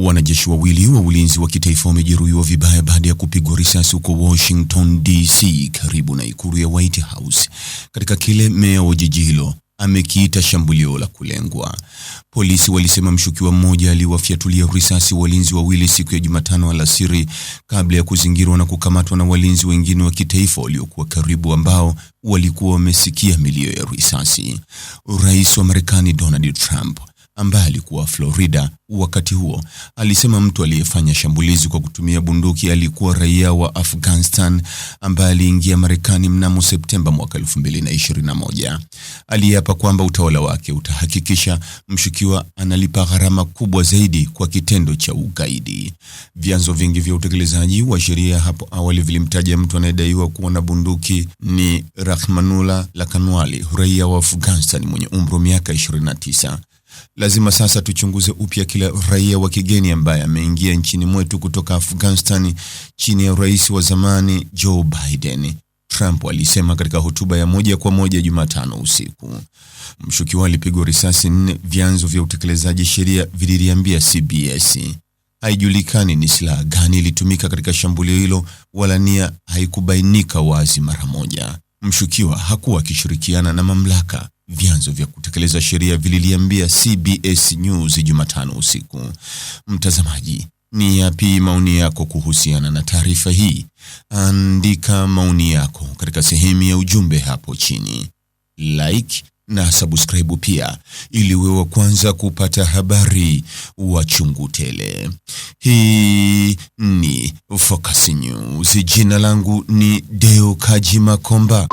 Wanajeshi wawili wa ulinzi wa kitaifa wamejeruhiwa vibaya baada ya kupigwa risasi huko Washington DC, karibu na ikulu ya White House, katika kile meya wa jiji hilo amekiita shambulio la kulengwa. Polisi walisema mshukiwa mmoja aliwafyatulia risasi walinzi wawili siku ya Jumatano alasiri kabla ya kuzingirwa na kukamatwa na walinzi wengine wa kitaifa waliokuwa karibu ambao walikuwa wamesikia milio ya risasi. Rais wa Marekani Donald Trump ambaye alikuwa Florida wakati huo, alisema mtu aliyefanya shambulizi kwa kutumia bunduki alikuwa raia wa Afghanistan ambaye aliingia Marekani mnamo Septemba mwaka 2021. Aliapa kwamba utawala wake utahakikisha mshukiwa analipa gharama kubwa zaidi kwa kitendo cha ugaidi. Vyanzo vingi vya utekelezaji wa sheria hapo awali vilimtaja mtu anayedaiwa kuwa na bunduki ni Rahmanullah Lakanwali, raia wa Afghanistan mwenye umri wa miaka 29. Lazima sasa tuchunguze upya kila raia wa kigeni ambaye ameingia nchini mwetu kutoka Afghanistan chini ya rais wa zamani Joe Biden, Trump alisema katika hotuba ya moja kwa moja Jumatano usiku. Mshukiwa alipigwa risasi nne, vyanzo vya utekelezaji sheria vililiambia CBS. Haijulikani ni silaha gani ilitumika katika shambulio hilo wala nia haikubainika wazi mara moja. Mshukiwa hakuwa akishirikiana na mamlaka Vyanzo vya kutekeleza sheria vililiambia CBS News Jumatano usiku. Mtazamaji, ni yapi maoni yako kuhusiana na taarifa hii? Andika maoni yako katika sehemu ya ujumbe hapo chini. Like na subscribe pia ili uwe wa kwanza kupata habari wa chungu tele. Hii ni Focus News. Jina langu ni Deo Kaji Makomba.